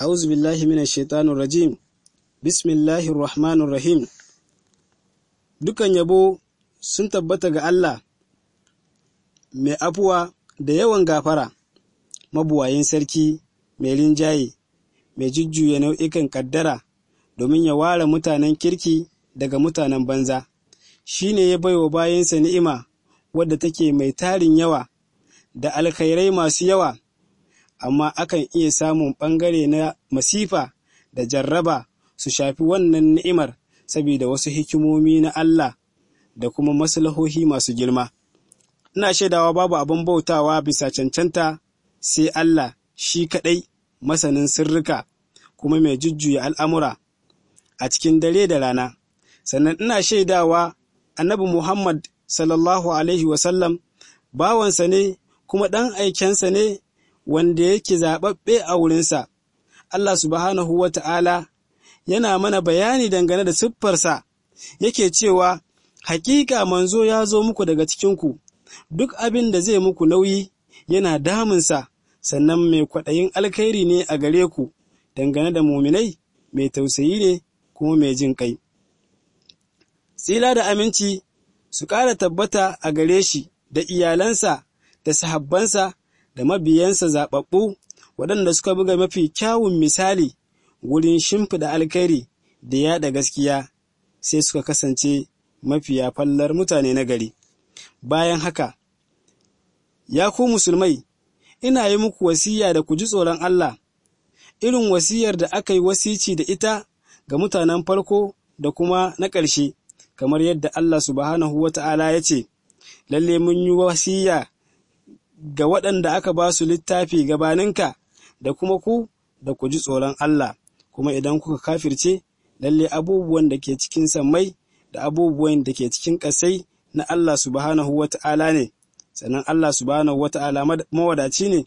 أعوذ بالله من الشيطان dukan yabo sun tabbata ga Allah mai afuwa da yawan gafara mabuwayin sarki mai rinjaye mai jujjuya nau'ikan kaddara domin ya ware mutanen kirki daga mutanen banza shi ne ya baiwa bayansa ni'ima wadda take mai tarin yawa da alkhairai masu yawa amma akan iya samun ɓangare na masifa da jarraba su shafi wannan ni'imar saboda wasu hikimomi na Allah da kuma maslahohi masu girma. Ina shaidawa babu abin bautawa bisa cancanta sai Allah shi kaɗai masanin sirrika kuma mai jujjuya al'amura a cikin dare da rana. Sannan ina shaidawa annabi Muhammad sallallahu Alaihi wasallam bawansa ne kuma ɗan aikensa ne wanda yake zaɓaɓɓe a wurinsa. Allah subhanahu wa ta'ala yana mana bayani dangane da siffarsa yake cewa, Hakika manzo ya zo muku daga cikinku, duk abin da zai muku nauyi yana damunsa, sannan mai kwaɗayin alkhairi ne a gare ku, dangane da muminai mai tausayi ne kuma mai jin ƙai. Tsila da aminci su ƙara tabbata a gare shi da iyalansa da sahabbansa da mabiyansa zaɓaɓɓu waɗanda suka buga mafi kyawun misali wurin shimfiɗa alkhairi da yaɗa gaskiya sai suka kasance mafiya fallar mutane na gari. Bayan haka, ya ku musulmai, ina yi muku wasiya da ku ji tsoron Allah, irin wasiyar da aka yi wasici da ita ga mutanen farko da kuma na ƙarshe, kamar yadda Allah subhanahu wa ta'ala ya ce, Lalle mun yi wasiya ga waɗanda aka ba su littafi gabaninka da kuma ku da ku ji tsoron Allah kuma idan kuka kafirce lalle abubuwan da ke cikin sammai da abubuwan da ke cikin ƙasai na Allah subhanahu wata'ala ne sannan Allah subhanahu wata'ala mawadaci ne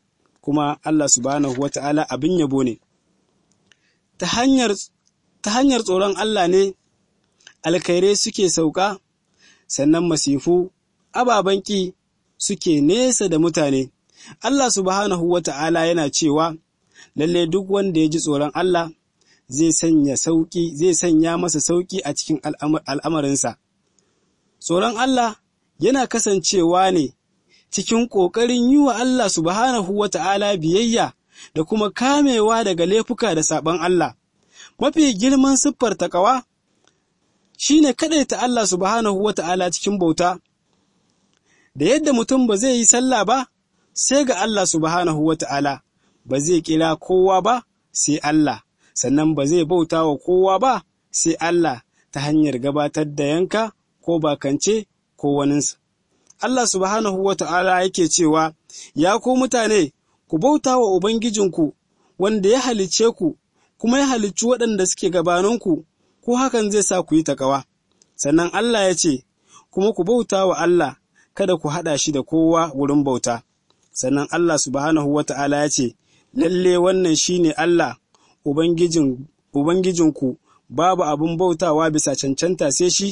kuma Allah subhanahu wata'ala abin yabo ne ta hanyar tsoron Allah ne alkhairai suke sauka sannan masifu ababen ƙi suke nesa da mutane. Allah subhanahu wa ta'ala yana cewa, lalle duk wanda ya ji tsoron Allah zai sanya sauƙi, zai sanya masa sauƙi a cikin al'amarinsa. Tsoron Allah yana kasancewa ne cikin ƙoƙarin yi wa Allah subhanahu wa ta'ala biyayya da kuma kamewa daga laifuka da saɓon Allah. Mafi girman siffar taƙawa shi ne kaɗaita Allah subhanahu wa ta'ala cikin bauta da yadda mutum ba zai yi sallah ba sai ga Allah subhanahu wa ta'ala, ba zai kira kowa ba sai Allah, sannan ba zai bauta wa kowa ba sai Allah ta hanyar gabatar da yanka ko bakance ko waninsa. Allah subhanahu wa ta'ala yake cewa, Ya ku mutane, ku bauta wa Ubangijinku wanda ya halicce ku kuma ya halicci waɗanda suke gabaninku, ko hakan zai sa ku yi takawa. Sannan Allah ya ce, Kuma ku bauta wa Allah kada ku haɗa shi da kowa wurin bauta. Sannan Allah subhanahu wa ta'ala ya ce, Lalle wannan shi ne Allah, Ubangijinku, babu abin bautawa bisa cancanta sai shi,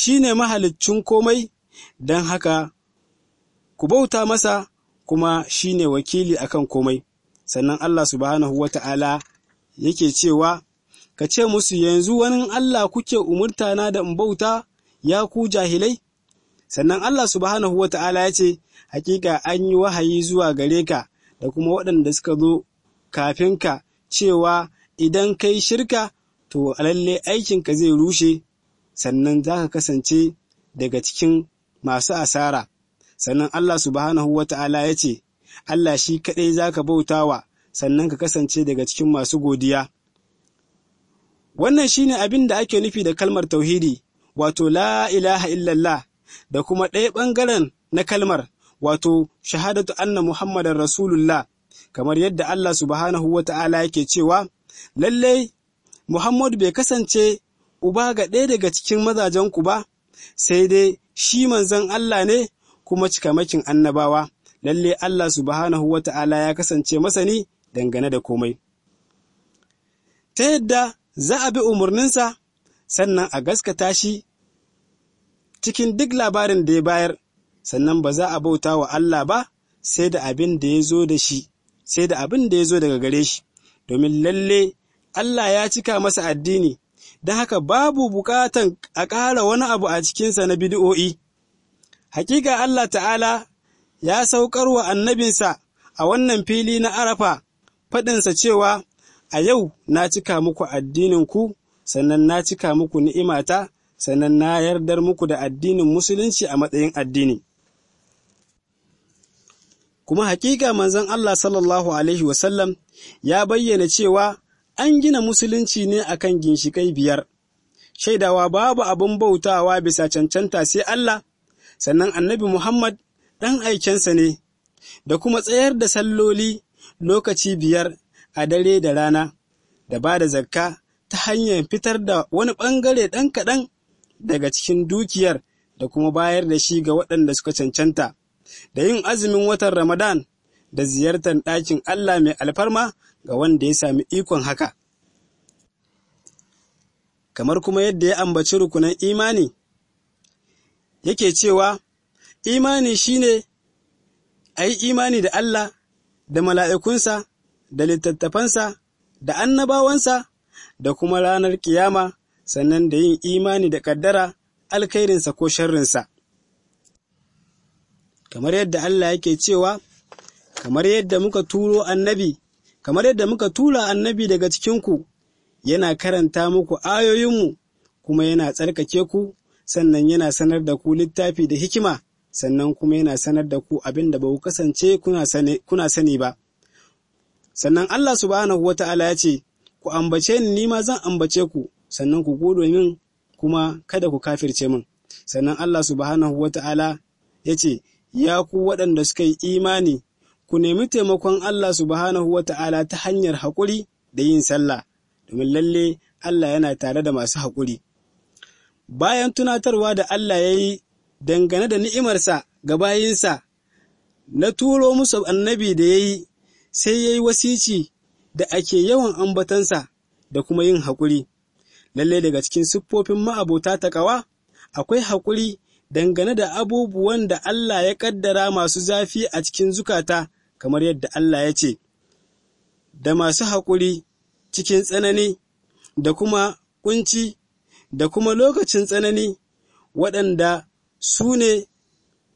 shi ne mahaliccin komai, don haka ku bauta masa kuma shi ne wakili akan komai. Sannan Allah subhanahu wa ta'ala yake cewa, Ka ce musu yanzu wani Allah kuke umurtana da in bauta, ya ku jahilai? Sannan Allah subhanahu wa ta'ala ya ce, Hakika an yi wahayi zuwa gare ka da kuma waɗanda suka zo kafin ka cewa idan kai shirka to lalle aikinka zai rushe sannan za ka kasance daga cikin masu asara. Sannan Allah subhanahu wa ta'ala ya ce, Allah shi kaɗai za ka bautawa sannan ka kasance daga cikin masu godiya. Wannan shi ne abin da ake nufi da kalmar tauhidi, wato la ilaha illallah da kuma ɗaya ɓangaren na kalmar wato shahadatu anna muhammadan rasulullah kamar yadda Allah subhanahu wa ta'ala yake cewa lallai Muhammadu bai kasance uba ga ɗaya daga cikin mazajen ku ba sai dai shi manzan Allah ne kuma cikamakin annabawa Lallai Allah subhanahu wa ta'ala ya kasance masani dangane da komai. Ta yadda za a bi umarninsa sannan a gaskata shi cikin duk labarin da ya bayar, sannan ba za a bauta wa Allah ba sai da abin da ya zo da shi, sai da abin da ya zo daga gare shi, domin lalle Allah ya cika masa addini, da haka babu bukatan a ƙara wani abu a cikinsa na bidi'o'i. Hakika Allah ta'ala ya saukar wa annabinsa a wannan fili na Arafa faɗinsa cewa, A yau na cika muku addininku, sannan na cika muku ni'imata, sannan na yardar muku da addinin musulunci a matsayin addini kuma hakika manzon Allah sallallahu alaihi wasallam ya bayyana cewa an gina musulunci ne akan ginshikai biyar shaidawa babu abin bautawa bisa cancanta sai Allah sannan annabi Muhammad ɗan aikensa ne da kuma tsayar da salloli lokaci biyar a dare da rana da ba da zakka ta hanyar fitar da wani ɓangare ɗan kaɗan daga cikin dukiyar da kuma bayar da shi ga waɗanda suka cancanta, da yin azumin watan Ramadan da ziyartar ɗakin Allah mai alfarma ga wanda ya sami ikon haka. Kamar kuma yadda ya ambaci rukunan imani, yake cewa, Imani shi ne a yi imani da Allah, da mala'ikunsa, da littattafansa, da annabawansa, da kuma ranar kiyama, sannan da yin imani da ƙaddara alkhairinsa ko sharrinsa. Kamar yadda Allah yake cewa, kamar yadda muka turo annabi, kamar yadda muka tura annabi daga cikinku, yana karanta muku ayoyinmu kuma yana tsarkake ku, sannan yana sanar da ku littafi da hikima, sannan kuma yana sanar da ku abin da ba ku kasance kuna sani ba. Sannan Allah subhanahu wa ta'ala ya ce, Ku ambace ni, ni ma zan ambace ku, sannan ku godo min kuma kada ku kafirce min sannan Allah subhanahu wata'ala ya ce ya ku waɗanda suka yi imani ku nemi taimakon Allah subhanahu wata'ala ta hanyar haƙuri da yin sallah domin lalle Allah yana tare da masu haƙuri bayan tunatarwa da Allah ya yi dangane da ni'imarsa ga bayinsa na turo musu annabi da ya yi sai ya yi wasici da ake yawan ambatansa da kuma yin haƙuri Lalle daga cikin siffofin ma'abota kawa akwai haƙuri dangane da abubuwan da Allah ya ƙaddara masu zafi a cikin zukata, kamar yadda Allah ya ce, da masu haƙuri cikin tsanani, da kuma ƙunci, da kuma lokacin tsanani, waɗanda su ne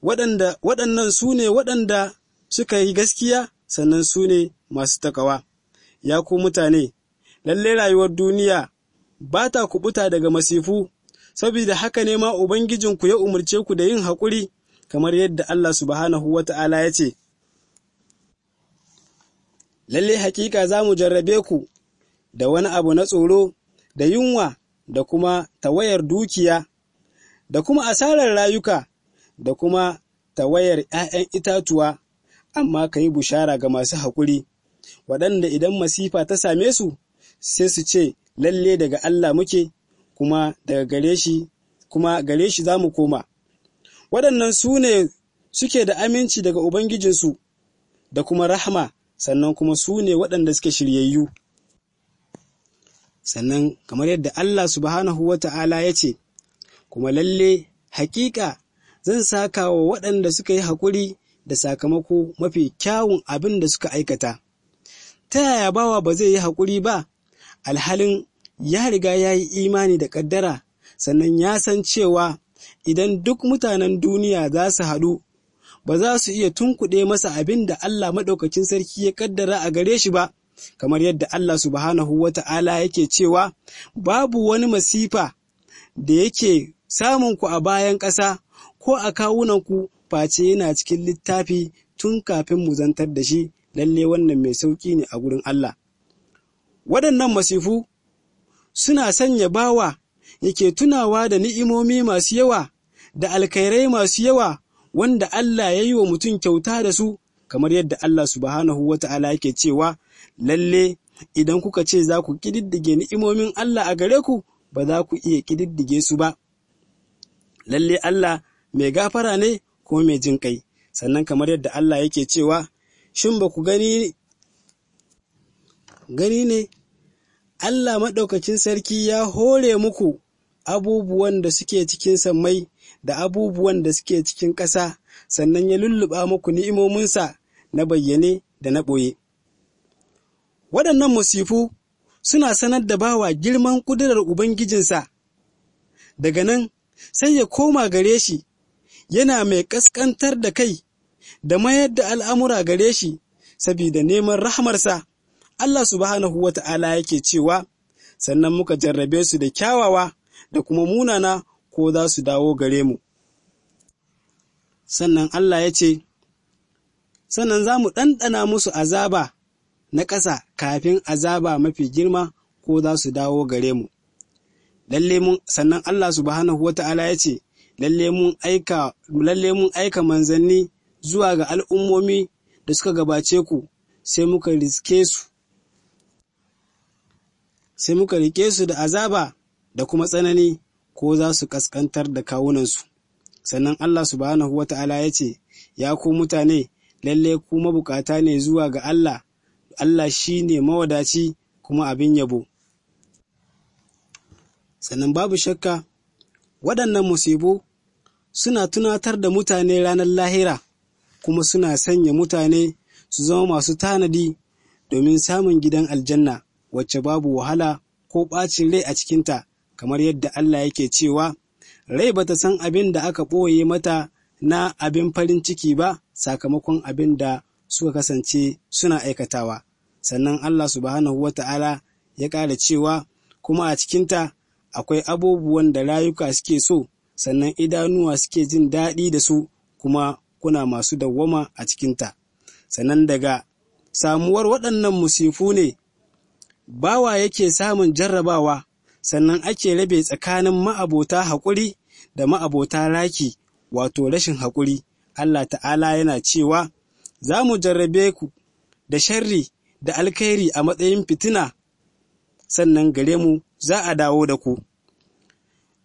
waɗannan su ne waɗanda suka yi gaskiya sannan su ne masu takawa. Ya ku mutane, lalle rayuwar duniya ba ta kubuta daga masifu, saboda haka ne ma Ubangijinku ya umarce ku da yin haƙuri, kamar yadda Allah subhanahu wa ta'ala ya ce, Lalle hakika za mu jarrabe ku da wani abu na tsoro, da yunwa, da kuma tawayar dukiya, da kuma asarar rayuka, da kuma tawayar ‘ya'yan itatuwa, amma ka yi bushara ga masu haƙuri, waɗanda idan masifa ta same su, sai su ce, lalle daga Allah muke kuma daga gare shi kuma gare shi za mu koma waɗannan su ne suke da aminci daga ubangijinsu da kuma rahama sannan kuma su ne waɗanda suke shiryayyu sannan kamar yadda Allah subhanahu wa ta'ala ya ce kuma lalle hakika zan saka wa waɗanda suka yi haƙuri da sakamako mafi kyawun abin da suka aikata. Ta yaya bawa ba zai yi haƙuri ba alhalin ya riga ya yi imani da ƙaddara sannan ya san cewa idan duk mutanen duniya za su haɗu ba za su iya tunkuɗe masa abin da Allah maɗaukacin sarki ya ƙaddara a gare shi ba kamar yadda Allah subhanahu wa ta'ala yake cewa babu wani masifa da yake samunku a bayan ƙasa ko a kawunanku face yana cikin littafi tun kafin mu zantar da shi lalle wannan mai sauƙi ne a gurin Allah. Waɗannan masifu suna sanya bawa yake tunawa da ni'imomi masu yawa da alkhairai masu yawa wanda Allah ya yi wa mutum kyauta da su, kamar yadda Allah subhanahu wa ta'ala yake cewa, lalle idan kuka ce za ku ƙididdige ni'imomin Allah a gare ku, ba za ku iya ƙididdige su ba. Lalle Allah mai gafara ne ko mai jin kai sannan kamar yadda Allah yake cewa, shin ba ku gani gani ne, Allah Maɗaukacin Sarki ya hore muku abubuwan da suke cikin sammai da abubuwan da suke cikin ƙasa, sannan ya lulluɓa muku ni'imominsa na bayyane da na ɓoye. Waɗannan musifu suna sanar da bawa girman ƙudurar Ubangijinsa, daga nan sai ya koma gare shi, yana mai ƙasƙantar da kai da mayar da al'amura gare shi, sabida neman rahamarsa. Allah subhanahu wa ta'ala yake cewa, sannan muka jarrabe su da kyawawa da kuma munana ko za su dawo gare mu. Sannan Allah ya ce, sannan za mu ɗanɗana musu azaba na ƙasa kafin azaba mafi girma ko za su dawo gare mu. Lalle mun sannan Allah subhanahu wa ta'ala ya ce, lalle mun aika, aika manzanni zuwa ga al'ummomi da suka gabace ku sai muka riske su sai muka riƙe su da azaba da kuma tsanani ko za su kaskantar da kawunansu. Sannan Allah subhanahu wa ta'ala ya ce, Ya ku mutane, lalle ku mabukata ne zuwa ga Allah, Allah shi ne mawadaci kuma abin yabo. Sannan babu shakka, waɗannan musibu suna tunatar da mutane ranar lahira, kuma suna sanya mutane su zama masu tanadi domin samun gidan aljanna. wacce babu wahala ko ɓacin rai a cikinta, kamar yadda Allah yake cewa, Rai bata san abin da aka ɓoye mata na abin farin ciki ba sakamakon abin da suka kasance suna aikatawa. Sannan Allah subhanahu wa ta'ala ya ƙara cewa, kuma a cikinta akwai abubuwan da rayuka suke so, sannan idanuwa suke jin daɗi da su, kuma kuna masu dawwama a cikinta. Sannan daga samuwar waɗannan musifu ne bawa yake samun jarrabawa, sannan ake rabe tsakanin ma'abota haƙuri da ma'abota raki, wato rashin haƙuri. Allah ta'ala yana cewa, Za mu jarrabe ku da sharri da alkhairi a matsayin fitina, sannan gare mu za a dawo da ku.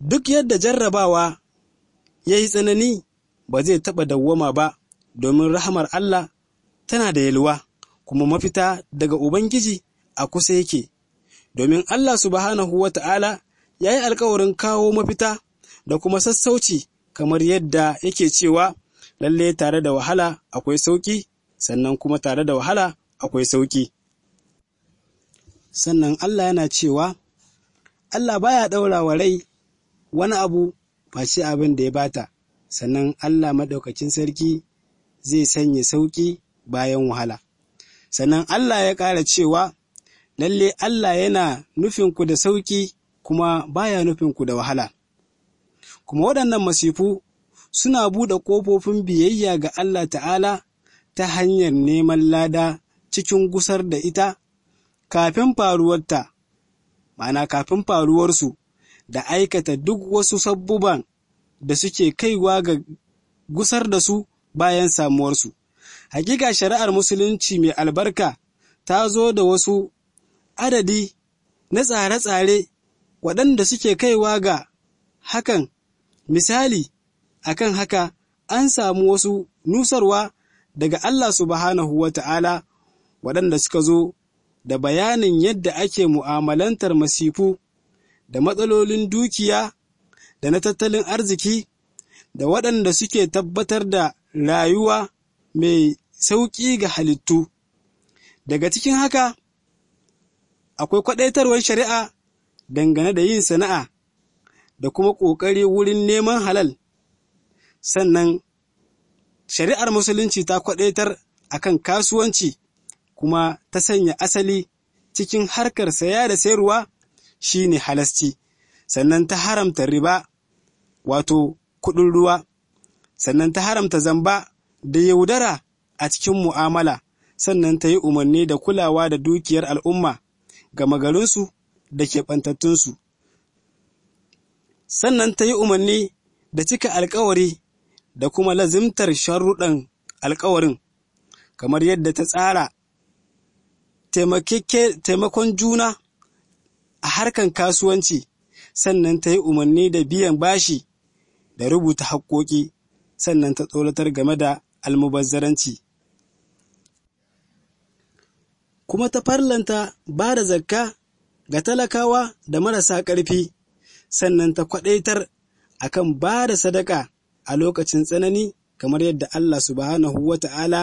Duk yadda jarrabawa ya yi tsanani ba zai taɓa dawwama ba, domin rahamar Allah tana da yalwa, kuma mafita daga Ubangiji a kusa yake, domin Allah subhanahu wa ta'ala ya yi alkawarin kawo mafita da kuma sassauci kamar yadda yake cewa lalle tare da wahala akwai sauki sannan kuma tare da wahala akwai sauki. Sannan Allah yana cewa, Allah baya ɗaura wa rai wani abu face abin da ya bata, sannan Allah maɗaukacin sarki zai sanya sauki bayan wahala. Sannan Allah ya ƙara cewa, lalle Allah yana nufinku da sauƙi kuma baya nufinku da wahala. Kuma waɗannan masifu suna buɗe ƙofofin biyayya ga Allah ta'ala ta hanyar neman lada cikin gusar da ita kafin faruwarta, ma'ana kafin faruwarsu da aikata duk wasu sabbuban da suke kaiwa ga gusar da su bayan samuwarsu. Hakika shari'ar Musulunci mai albarka ta zo da wasu adadi na tsare-tsare waɗanda suke kaiwa ga hakan, misali, akan haka an samu wasu nusarwa daga Allah subhanahu wa ta'ala waɗanda suka zo da bayanin yadda ake mu'amalantar masifu da matsalolin dukiya da na tattalin arziki da waɗanda suke tabbatar da rayuwa mai sauƙi ga halittu. Daga cikin haka, akwai kwaɗaitarwar shari'a dangane da yin sana'a da kuma ƙoƙari wurin neman halal. Sannan, shari'ar Musulunci ta kwaɗaitar a kan kasuwanci kuma ta sanya asali cikin harkar saya da sayarwa shi ne halasci, sannan ta haramta riba wato kuɗin ruwa, sannan ta haramta zamba da yaudara a cikin mu'amala, sannan ta yi umarni da kulawa da dukiyar al'umma. gama garinsu da keɓantattunsu. Sannan ta yi umarni da cika alkawari da kuma lazimtar sharuɗan alkawarin, kamar yadda ta tsara taimakon juna a harkan kasuwanci, sannan ta yi umarni da biyan bashi da rubuta haƙƙoƙi, sannan ta tsoratar game da almubazzaranci. kuma ta farlanta ba da zakka ga talakawa da marasa ƙarfi, sannan ta kwaɗaitar a kan ba da sadaka a lokacin tsanani kamar yadda Allah subhanahu wa ta'ala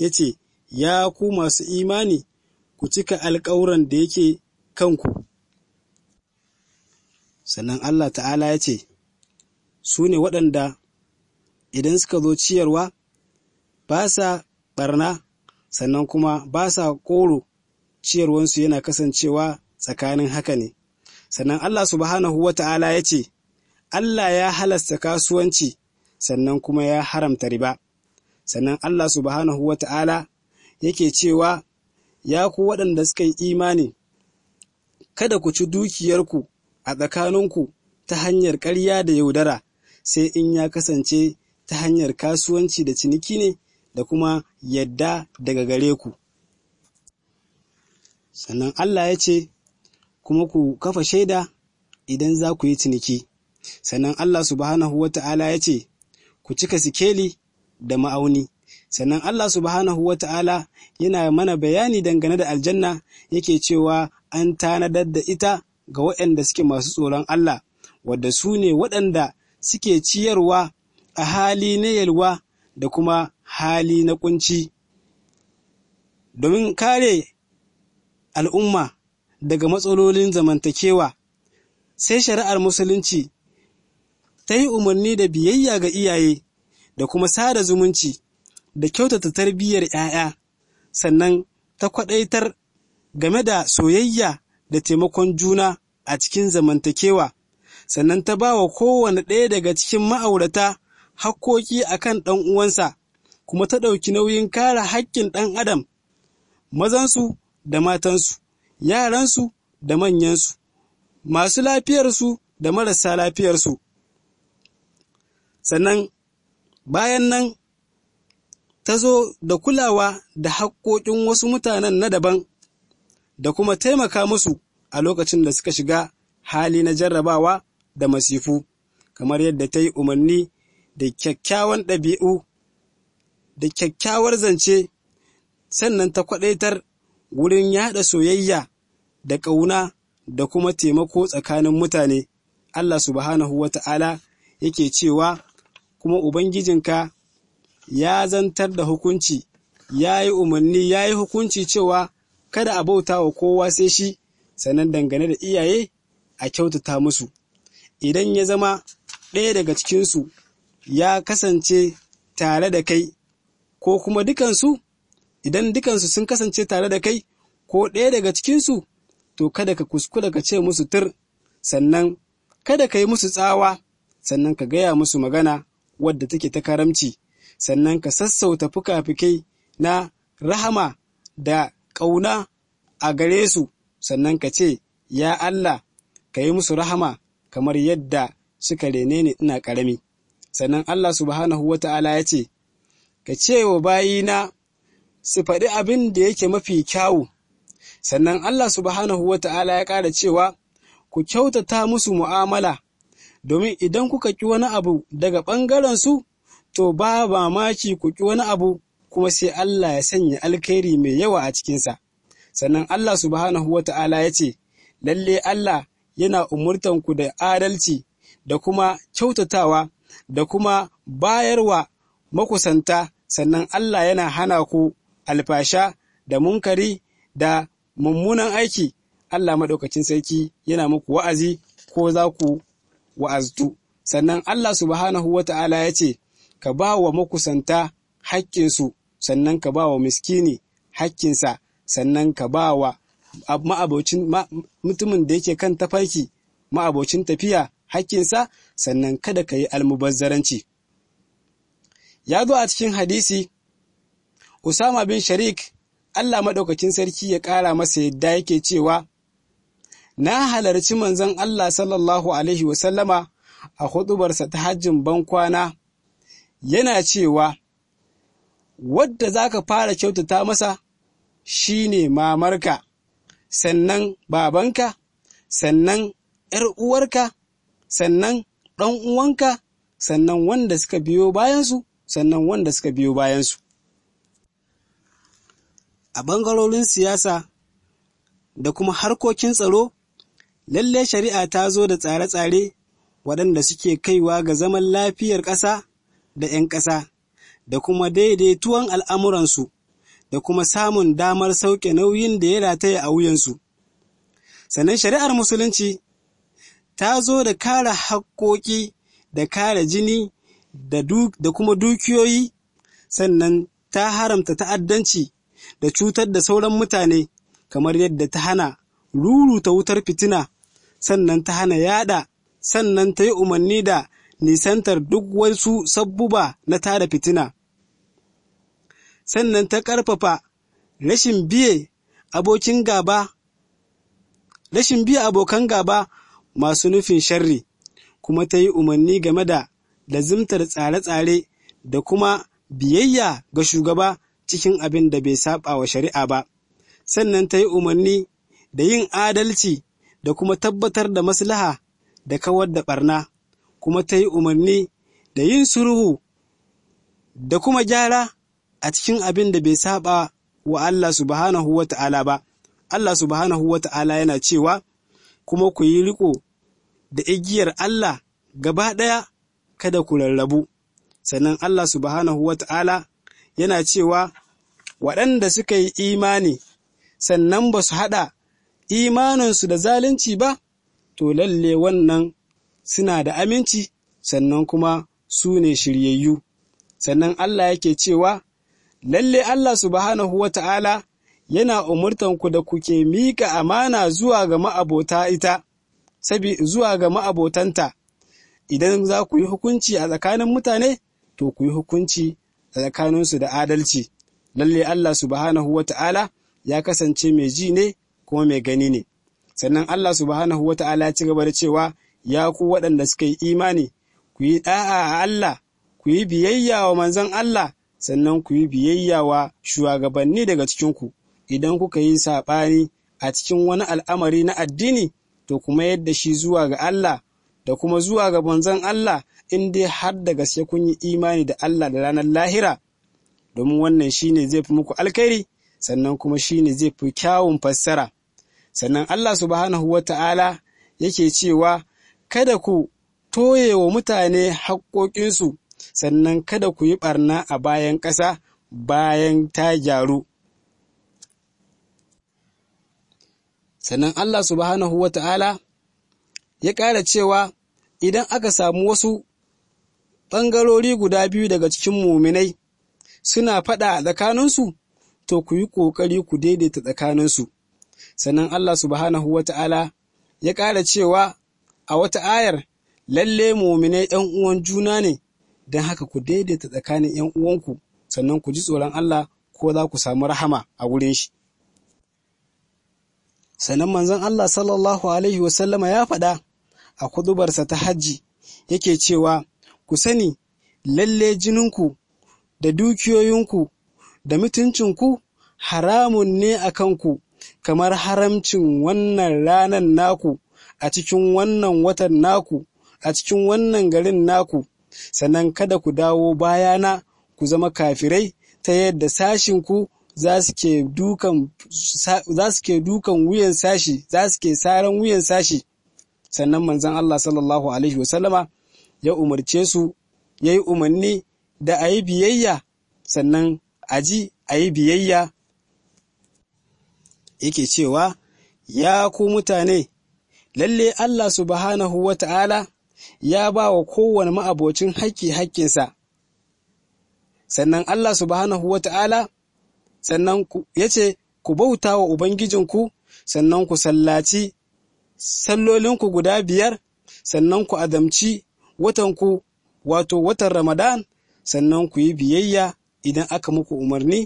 ya ce, Ya ku masu imani, ku cika alƙawuran da yake kanku. Sannan Allah ta'ala ya ce, Su ne waɗanda idan suka zo ciyarwa, ba sa ɓarna sannan kuma ba sa koro ciyarwansu yana kasancewa tsakanin haka ne. Sannan Allah subhanahu wa ta'ala ya ce, Allah ya halasta kasuwanci sannan kuma ya haramta riba. Sannan Allah subhanahu wa ta'ala yake cewa, Ya ku waɗanda suka yi imani, kada ku ci dukiyarku a tsakaninku ta hanyar ƙarya da yaudara, sai in ya kasance ta hanyar kasuwanci da ciniki ne da kuma yadda daga gare ku. Sannan Allah ya ce, kuma ku kafa shaida idan za ku yi ciniki. Sannan Allah subhanahu wa ta'ala ya ce, ku cika sikeli da ma'auni. Sannan Allah subhanahu wa ta'ala yana mana bayani dangane da aljanna yake cewa an tanadar da ita ga waɗanda suke masu tsoron Allah, wadda su ne waɗanda suke ciyarwa a hali na yalwa da kuma hali na kunci domin kare al'umma daga matsalolin zamantakewa sai shari'ar musulunci ta yi umarni da biyayya ga iyaye da kuma sada zumunci da kyautata tarbiyyar 'ya'ya sannan ta kwaɗaitar game da soyayya da taimakon juna a cikin zamantakewa sannan ta ba wa kowane ɗaya daga cikin ma'aurata hakkoki akan kan uwansa kuma ta ɗauki nauyin kare haƙƙin ɗan adam mazansu da matansu yaransu da manyansu masu lafiyarsu da marasa lafiyarsu sannan bayan nan ta zo da kulawa da haƙƙoƙin wasu mutanen na daban da kuma taimaka musu a lokacin da suka shiga hali na jarrabawa da masifu kamar yadda ta yi umarni da kyakkyawan ɗabi'u da kyakkyawar zance sannan ta kwaɗaitar wurin yaɗa soyayya da ƙauna da kuma taimako tsakanin mutane. Allah subhanahu wa ta'ala yake cewa, Kuma Ubangijinka ya zantar da hukunci, ya yi umarni, ya yi hukunci cewa kada a bauta wa kowa sai shi, sannan dangane da iyaye a kyautata musu. Idan ya zama ɗaya daga cikinsu ya kasance tare da kai ko kuma dukansu, idan dukansu sun kasance tare da kai, ko ɗaya daga cikinsu, to kada ka kuskura ka ce musu tur, sannan kada ka yi musu tsawa, sannan ka gaya musu magana wadda take ta karamci, sannan ka sassauta fuka-fikai na rahama da ƙauna a gare su, sannan ka ce, Ya Allah, ka yi musu rahama kamar yadda suka rene ni ina ƙarami. Sannan Allah subhanahu wa ta'ala ya ce, ka ce wa bayina su faɗi abin da yake mafi kyawu. Sannan Allah subhanahu wa ta'ala ya ƙara cewa, ku kyautata musu mu'amala, domin idan kuka ƙi wani abu daga ɓangarensu, to ba mamaki ku ƙi wani abu kuma sai Allah ya sanya alkhairi mai yawa a cikinsa. Sannan Allah subhanahu wa ta'ala ya ce, lalle Allah yana umurtanku da adalci da kuma kyautatawa da kuma bayarwa makusanta sannan Allah yana hana ku alfasha da munkari da mummunan aiki Allah maɗaukacin sarki yana muku wa'azi ko za ku wa'aztu. Sannan Allah subhanahu wa ta'ala ya ce, Ka ba wa makusanta haƙƙinsu, sannan ka ba wa miskini haƙƙinsa, sannan ka ba wa ma'abocin mutumin da yake kan tafarki ma'abocin tafiya haƙƙinsa, sannan kada ka yi almubazzaranci. ya zo a cikin hadisi Usama bin Sharik Allah maɗaukacin sarki ya ƙara masa yadda yake cewa na halarci manzon Allah sallallahu alaihi wasallama a huɗubarsa ta hajjin bankwana yana cewa wadda za ka fara kyautata masa shine mamarka sannan babanka sannan ‘yar uwarka sannan ɗan uwanka sannan wanda suka biyo bayansu sannan wanda suka biyo bayansu. A bangarorin siyasa da kuma harkokin tsaro, lalle shari'a ta zo da tsare-tsare waɗanda suke kaiwa ga zaman lafiyar ƙasa da ‘yan ƙasa, da kuma daidaituwan al'amuransu, da kuma samun damar sauke nauyin da ya rataya a wuyansu. Sannan shari'ar Musulunci ta zo da kare haƙƙoƙi da kare jini da kuma dukiyoyi, sannan ta haramta ta'addanci da cutar da sauran mutane kamar yadda ta hana ruruta wutar fitina, sannan ta hana yaɗa, sannan ta yi umarni da nisantar duk wasu sabbuba na tada fitina. Sannan ta ƙarfafa rashin biye abokin gaba, rashin biye abokan gaba masu nufin sharri, kuma ta yi umarni game da lazimtar tsare-tsare da kuma biyayya ga shugaba cikin abin da bai saba wa shari'a ba, sannan ta yi umarni da yin adalci da kuma tabbatar da maslaha da kawar da barna, kuma ta yi umarni da yin suruhu da kuma gyara a cikin abin da bai saba wa Allah subhanahu wa ta'ala ba. Allah subhanahu wa ta'ala yana cewa, kuma ku yi riko da igiyar Allah gaba ɗaya kada ku rarrabu sannan Allah subhanahu ta'ala yana cewa waɗanda suka yi imani sannan ba su haɗa imaninsu da zalunci ba to lalle wannan suna da aminci sannan kuma su ne shiryayyu sannan Allah yake cewa lalle Allah subhanahu ta'ala yana umurtanku da kuke mika amana zuwa ga ma'abota ita, sabi zuwa ga ma'abotanta, idan za ku yi hukunci a tsakanin mutane to ku yi hukunci a tsakaninsu da adalci lalle Allah subhanahu wata'ala ya kasance mai ji ne kuma mai gani ne sannan Allah subhanahu wata'ala ya ci gaba da cewa ya ku waɗanda suka yi imani ku yi ɗa'a a Allah ku yi biyayya wa manzon Allah sannan ku yi biyayya wa shugabanni daga cikinku idan kuka yi saɓani a cikin wani al'amari na addini to kuma yadda shi zuwa ga Allah da kuma zuwa ga manzon Allah in dai har da gaske kun yi imani da Allah da ranar lahira domin wannan shine zai fi muku alkhairi sannan kuma shine zai fi kyawun fassara sannan Allah subhanahu wata'ala yake cewa kada ku toye wa mutane haƙoƙinsu sannan kada ku yi ɓarna a bayan ƙasa bayan ta gyaru sannan Allah subhanahu wata'ala ya ƙara cewa idan aka samu wasu ɓangarori guda biyu daga cikin muminai suna faɗa a tsakaninsu to ku yi ƙoƙari ku daidaita tsakaninsu sannan Allah subhanahu wa ta'ala ya ƙara cewa a wata ayar lalle muminai ‘yan uwan juna ne don haka ku daidaita tsakanin ‘yan uwanku sannan ku ji tsoron Allah ko za ku samu rahama a wurin shi. Sannan manzon Allah sallallahu Alaihi wasallama ya faɗa a kudubarsa ta hajji yake cewa ku sani lalle jininku da dukiyoyinku da mutuncinku haramun ne a kanku kamar haramcin wannan ranar naku a cikin wannan watan naku a cikin wannan garin naku sannan kada ku dawo bayana ku zama kafirai ta yadda sashinku za su ke dukan wuyan sashi za su ke saran wuyan sashi sannan manzon Allah sallallahu alaihi wasallama ya umarce su ya yi umarni da a yi biyayya sannan a ji a yi biyayya yake cewa ya ku mutane lalle Allah subhanahu wa ta'ala ya ba wa kowane ma'abocin haƙƙi haƙƙinsa sannan Allah subhanahu wa ta'ala sannan ya ce ku bauta wa Ubangijinku sannan ku sallaci sallolinku guda biyar, sannan ku azamci watanku, wato watan Ramadan, sannan ku yi biyayya idan aka muku umarni,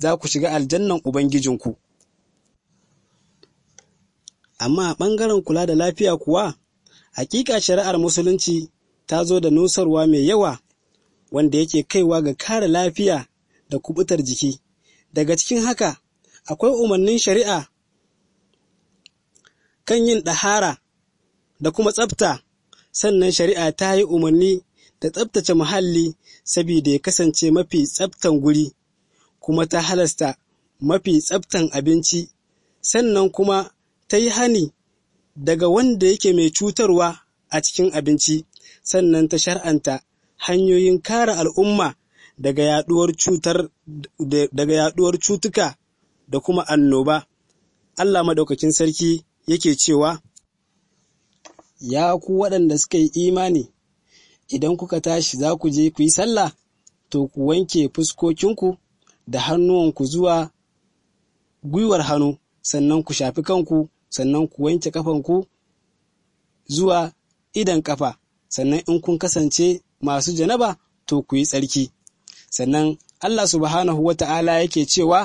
za ku shiga aljannan Ubangijinku. Amma a ɓangaren kula da lafiya kuwa, hakika shari'ar Musulunci ta zo da nusarwa mai yawa wanda yake kaiwa ga kare lafiya da kubutar jiki. Daga cikin haka, akwai umarnin shari'a kan yin ɗahara da kuma tsafta sannan shari'a ta yi umarni da tsaftace muhalli sabida ya kasance mafi tsaftan guri kuma ta halasta mafi tsabtan abinci sannan kuma ta yi hani daga wanda yake mai cutarwa a cikin abinci sannan ta shar'anta hanyoyin kare al'umma daga yaduwar cutuka da kuma annoba Allah maɗaukakin sarki yake cewa, Ya ku waɗanda suka yi imani, idan kuka tashi za ku je ku yi sallah, to ku wanke fuskokinku da hannuwanku zuwa gwiwar hannu, sannan ku shafi kanku, sannan ku wanke kafanku zuwa idan kafa, sannan in kun kasance masu janaba to ku yi tsarki. Sannan Allah subhanahu wa ta'ala yake cewa,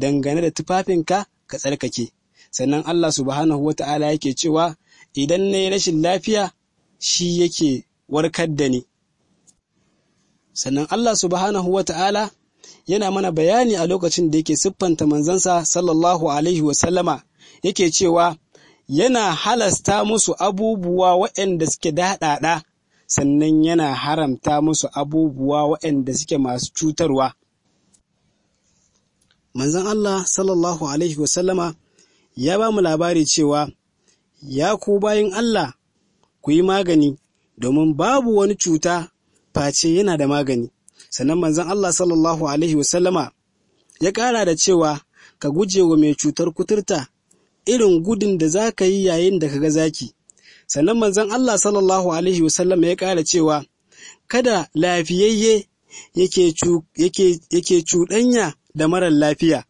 dangane da tufafinka ka tsarkake. sannan Allah subhanahu wa ta'ala yake cewa idan na yi rashin lafiya shi yake warkar da ni sannan Allah subhanahu wa ta'ala yana mana bayani a lokacin da yake siffanta manzansa sallallahu alaihi wasallama yake cewa yana halasta musu abubuwa waɗanda suke daɗaɗa sannan yana haramta musu abubuwa waɗanda suke masu cutarwa Manzan Allah sallallahu alaihi wasallama ya ba mu labari cewa, Ya ku bayin Allah, ku yi magani, domin babu wani cuta face yana da magani. Sannan manzon Allah sallallahu Alaihi wasallama ya kara da cewa, Ka guje wa mai cutar kuturta irin gudun da za ka yi yayin da ka ga zaki. Sannan manzon Allah sallallahu Alaihi wasallama ya ƙara cewa, Kada lafiyayye yake cuɗanya da marar lafiya.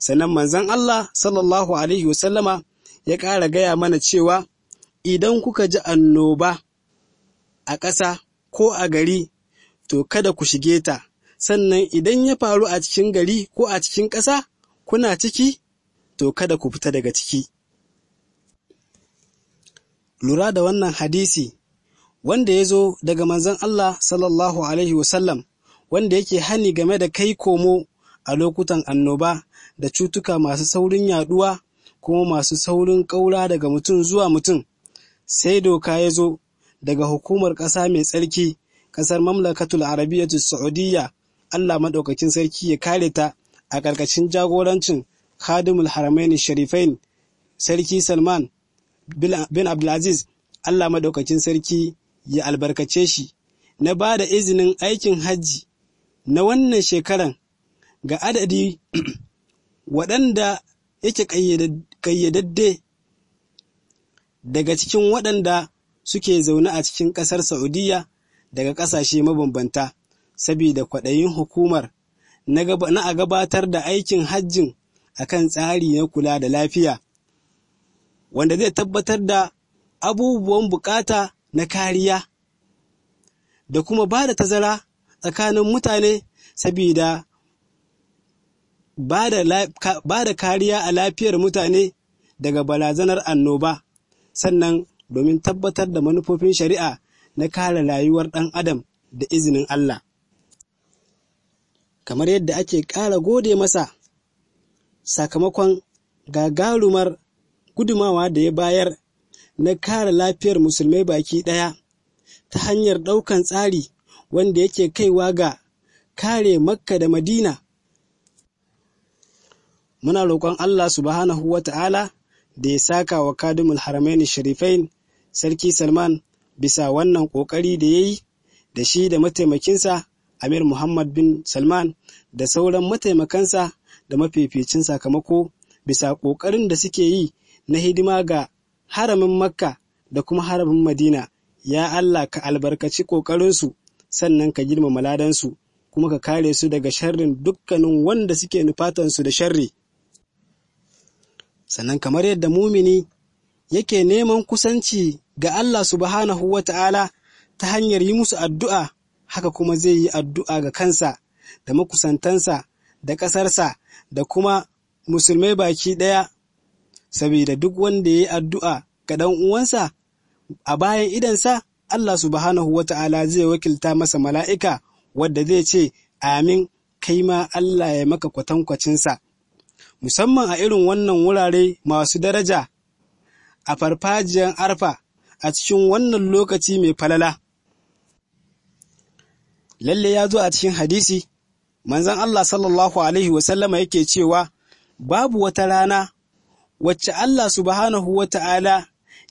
sannan manzon Allah sallallahu alaihi wasallama ya ƙara gaya mana cewa idan kuka ji annoba a ƙasa ko a gari to kada ku shige ta sannan idan ya faru a cikin gari ko a cikin ƙasa kuna ciki to kada ku fita daga ciki lura da wannan hadisi wanda ya zo daga manzon Allah sallallahu alaihi wasallam wanda yake hani game da kai komo a lokutan annoba da cutuka masu saurin yaɗuwa kuma masu saurin ƙaura daga mutum zuwa mutum, sai doka ya zo daga hukumar ƙasa mai tsarki, ƙasar Mamlakatul arabiyatu Saudiyya, Allah maɗaukacin Sarki ya kare ta a ƙarƙashin jagorancin Khadimul Haramaini Sharifain, Sarki Salman bin Abdulaziz, Allah maɗaukacin Sarki ya albarkace shi, na ba da izinin aikin hajji na wannan shekaran ga adadi waɗanda yake ƙayyadadde daga cikin waɗanda suke zaune a cikin ƙasar Saudiya daga ƙasashe mabambanta, sabida kwaɗayin hukumar na a gabatar da aikin hajjin a kan tsari na kula da lafiya, wanda zai tabbatar da abubuwan bukata na kariya da kuma ba da tazara tsakanin mutane sabida ba da kariya a lafiyar mutane daga balazanar annoba, sannan domin tabbatar da manufofin shari'a na kare rayuwar ɗan adam da izinin Allah. Kamar yadda ake ƙara gode masa sakamakon gagarumar gudumawa da ya bayar na kare lafiyar musulmai baki ɗaya ta hanyar ɗaukan tsari wanda yake kaiwa ga kare makka da madina Muna roƙon Allah subhanahu wa ta'ala da ya saka wa kadimul haramaini sharifain Sarki Salman bisa wannan ƙoƙari da ya yi da shi da mataimakinsa Amir Muhammad bin Salman da sauran mataimakansa da mafificin sakamako bisa ƙoƙarin da suke yi na hidima ga haramin Makka da kuma haramin Madina. Ya Allah ka albarkaci ƙoƙarinsu sannan ka girmama ladansu kuma ka kare su daga sharrin dukkanin wanda suke nufatansu da sharri. sannan kamar yadda mumini yake neman kusanci ga Allah subhanahu wa ta'ala ta hanyar yi musu addu'a haka kuma zai yi addu'a ga kansa da makusantansa da ƙasarsa da kuma musulmai baki ɗaya saboda duk wanda ya yi addu'a ga ɗan uwansa a bayan idansa Allah subhanahu wa ta'ala zai wakilta masa mala'ika wadda zai ce amin kai ma Allah ya maka kwatankwacinsa. musamman a irin wannan wurare masu daraja a farfajiyar arfa a cikin wannan lokaci mai falala. Lalle ya zo a cikin hadisi, manzan Allah sallallahu Alaihi wasallama yake cewa babu wata rana wacce Allah subhanahu wa ta'ala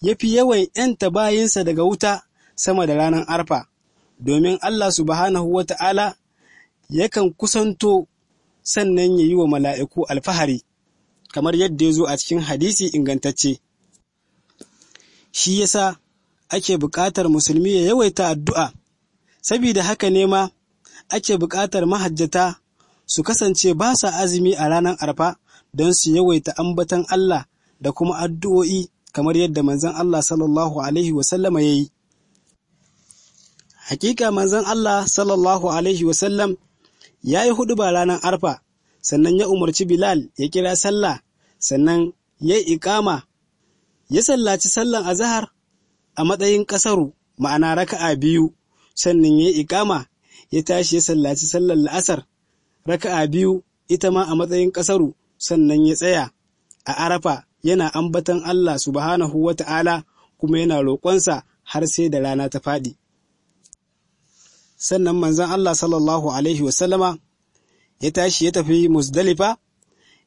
ya fi yawan ‘yanta bayinsa daga wuta sama da ranar arfa, domin Allah subhanahu wa ta'ala yakan kusanto sannan ya yi wa mala'iku alfahari, kamar yadda ya zo a cikin hadisi ingantacce. Shi yasa ake buƙatar musulmi ya yawaita addu'a, saboda haka ne ma ake buƙatar mahajjata su kasance ba sa azumi a ranar arfa don su yawaita ambatan Allah da kuma addu'o'i kamar yadda manzon Allah sallallahu Alaihi wasallama ya yi. Hakika manzon Allah sallallahu Alaihi wasallam ya yi hudu ba ranar arfa sannan ya umarci bilal ya kira sallah sannan ya yi ikama ya sallaci sallan azahar a matsayin kasaru ma'ana raka'a biyu sannan ya yi ikama ya tashi ya sallaci sallan la'asar raka'a biyu ita ma a matsayin kasaru sannan ya tsaya a arafa yana ambatan Allah subhanahu wa ta'ala kuma yana roƙonsa har sai da rana ta faɗi. sannan manzon Allah sallallahu alaihi wasallama ya tashi ya tafi Musdalifa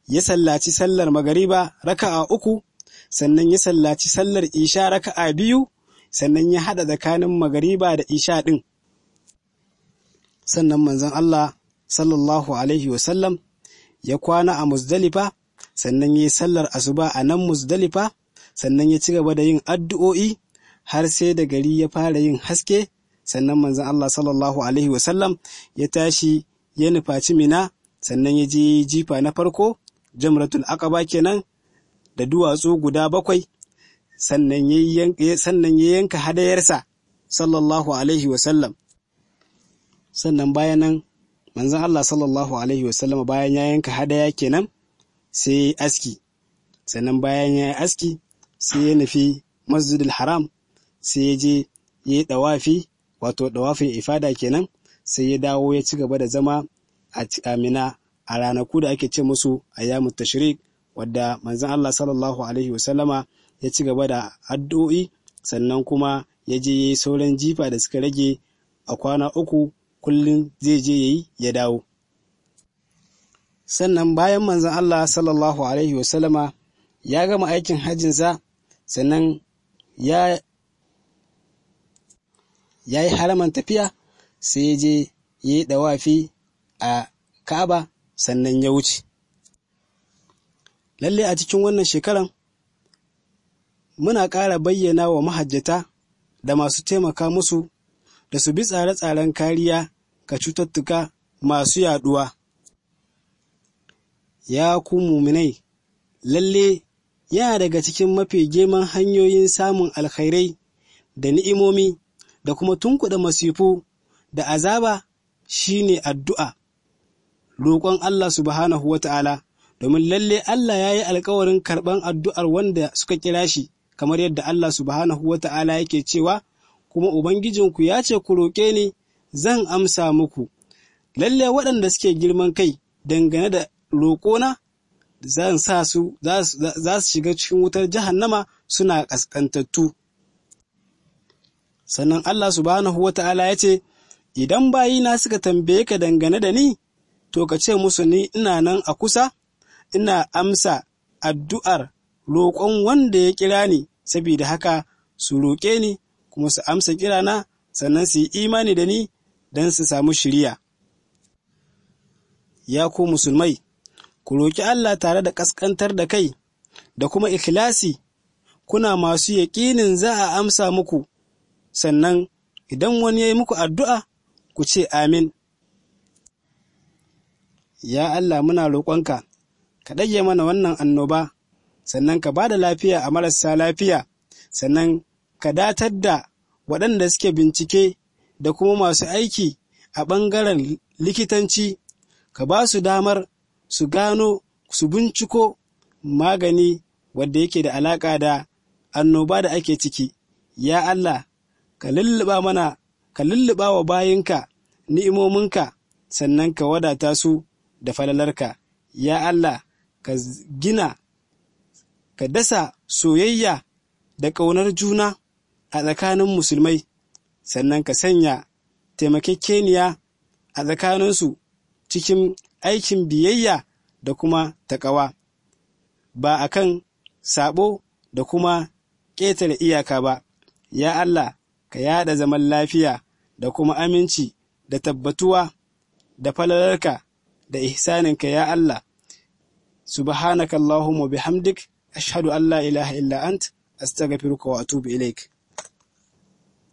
ya sallaci sallar magariba raka'a uku sannan ya sallaci sallar isha raka'a biyu sannan ya haɗa tsakanin magariba da isha ɗin sannan manzon Allah sallallahu alaihi wasallam ya kwana a Musdalifa sannan ya yi sallar asuba a nan Musdalifa sannan ya ci gaba da yin addu'o'i har sai da gari ya fara yin haske sannan manzon Allah sallallahu alaihi wasallam ya tashi ya nufaci mina sannan ya je jifa na farko jamratul aqaba kenan da duwatsu guda bakwai sannan ya yanka hadayarsa sallallahu alaihi wasallam sannan bayan nan manzon Allah sallallahu alaihi wasallam bayan ya yanka hadaya kenan sai ya aski sannan bayan ya aski sai ya nufi masjidil haram sai ya je ya yi dawafi wato dawafin ifada kenan sai ya dawo ya ci gaba da zama a mina a ranaku da ake ce musu ayyamu tashrik wadda manzon Allah sallallahu alaihi wasallama ya ci gaba da addu'o'i sannan kuma ya je yayi sauran jifa da suka rage a kwana uku kullum zai je yayi ya dawo sannan bayan manzon Allah sallallahu alaihi wasallama ya gama aikin hajjinsa sannan ya ya yi haraman tafiya sai ya je ya yi ɗawafi a Ka'aba sannan ya wuce. Lalle a cikin wannan shekaran muna ƙara bayyana wa mahajjata da masu taimaka musu da su bi tsare-tsaren kariya ga cututtuka masu yaduwa. Ya ku muminai, lalle yana daga cikin mafi geman hanyoyin samun alkhairai da ni'imomi da kuma tunkuɗa masifu da azaba shine addu'a roƙon Allah subhanahu wa ta'ala domin lalle Allah ya yi alkawarin karɓan addu'ar wanda suka kira shi kamar yadda Allah subhanahu wa ta'ala yake cewa kuma Ubangijinku ya ce ku roƙe ni zan amsa muku lalle waɗanda suke girman kai dangane da roƙona zan sa su za su shiga cikin wutar jahannama suna ƙasƙantattu. sannan Allah subhanahu wa ta'ala ya ce, Idan bayina suka tambaye ka dangane da ni, to ka ce musu ni ina nan a kusa, ina amsa addu'ar roƙon wanda ya kira ni, sabida haka su roƙe ni kuma su amsa kirana sannan su yi imani da ni don su samu shiriya. Ya ku musulmai, ku roƙi Allah tare da ƙasƙantar da kai da kuma ikhlasi, kuna masu yaƙinin za a amsa muku. sannan idan wani ya yi muku addu'a, ku ce amin. Ya Allah muna roƙonka, ka ɗage mana wannan annoba, sannan ka ba da lafiya a marasa lafiya, sannan ka datar da waɗanda suke bincike da kuma masu aiki a ɓangaren likitanci, ka ba su damar su gano su binciko magani wadda yake da alaƙa da annoba da ake ciki. Ya Allah, ka lulluɓa mana ka lulluɓa wa bayinka ni'imominka sannan ka wadata su da falalarka ya Allah ka gina ka dasa soyayya da ƙaunar juna a tsakanin musulmai sannan ka sanya taimakekeniya a tsakaninsu cikin aikin biyayya da kuma taƙawa ba a kan saɓo da kuma ƙetare iyaka ba ya Allah ka yada zaman lafiya da kuma aminci da tabbatuwa da falalarka da ihsaninka ya Allah. Subhanakallahumma bihamdik, ashhadu an la ilaha illa ant, astaghfiruka wa atubu ilaik.